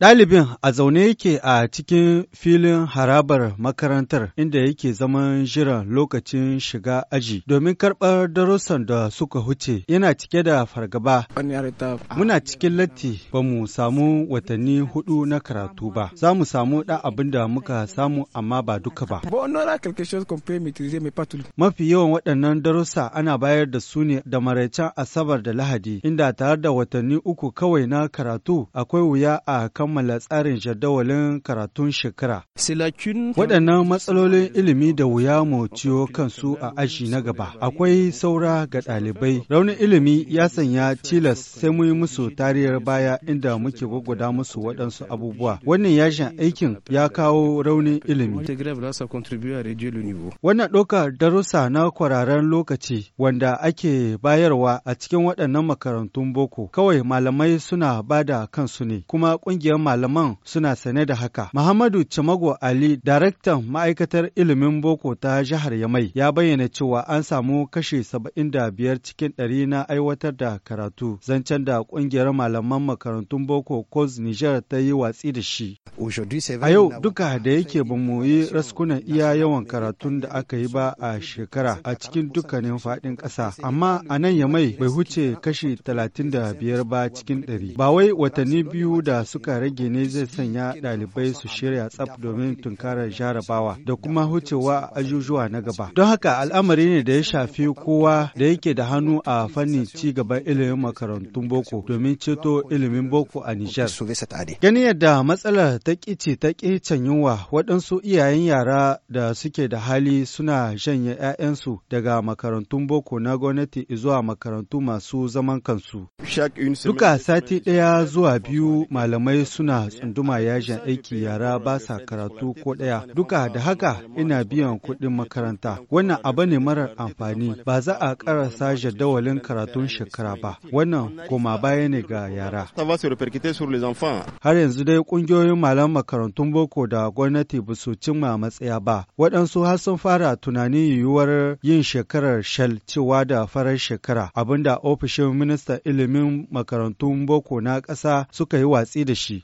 Ɗalibin a zaune yake a cikin filin harabar makarantar inda yake zaman jiran lokacin shiga aji domin karɓar darussan da suka huce yana cike da fargaba. Muna cikin latti ba mu samu watanni hudu na karatu ba, za mu samu ɗan abin da muka samu amma ba duka ba. Mafi yawan waɗannan darussa ana bayar da su ne da maraicen Asabar da Lahadi inda tare da watanni uku kawai na karatu akwai wuya a kammala tsarin jadawalin karatun shekara. Waɗannan matsalolin ilimi da wuya mu ciyo kansu a aji na gaba. Akwai saura ga ɗalibai. Raunin ilimi ya sanya tilas sai mu yi musu tariyar baya inda muke gwagwada musu waɗansu abubuwa. Wannan yashin aikin ya kawo raunin ilimi. Wannan ɗaukar darussa na kwararren lokaci wanda ake bayarwa a cikin waɗannan makarantun boko. Kawai malamai suna bada kansu ne, kuma ƙungiyar malaman suna sane da haka. Muhammadu Chamago Ali, daraktan ma'aikatar ilimin boko ta jihar Yamai, ya bayyana cewa an samu kashi saba'in cikin 100 na aiwatar da karatu, zancen da ƙungiyar malaman makarantun boko Coast Niger ta yi watsi da shi. A yau duka da yake ba mu yi raskunan iya yawan karatun da aka yi ba a shekara a cikin dukkanin faɗin ƙasa, amma a nan Yamai bai huce kashi talatin ba cikin ɗari. Ba wai watanni biyu da suka rage rage ne zai sanya ɗalibai su shirya tsaf domin tunkarar jarabawa da kuma hucewa ajujuwa na gaba. Don haka al'amari ne da ya shafi kowa da yake da hannu a fannin ci gaban ilimin makarantun boko domin ceto ilimin boko a Nijar. Gani yadda matsalar ta kice ta kicin yunwa waɗansu iyayen yara da suke da hali suna janye 'ya'yansu daga makarantun boko na gwamnati zuwa makarantu masu zaman kansu. Duka sati ɗaya zuwa biyu malamai su suna tsunduma yajin aiki yara ba sa karatu ko ɗaya. Duka da haka ina biyan kuɗin makaranta. Wannan abu ne marar amfani. Ba za a ƙarasa jadawalin karatun shekara ba. Wannan koma baya ne ga yara. Har yanzu dai ƙungiyoyin malam makarantun boko da gwamnati ba su cimma matsaya ba. Waɗansu har sun fara tunanin yiwuwar yin shekarar shal cewa da farar shekara abinda ofishin ministan ilimin makarantun boko na ƙasa suka yi watsi da shi.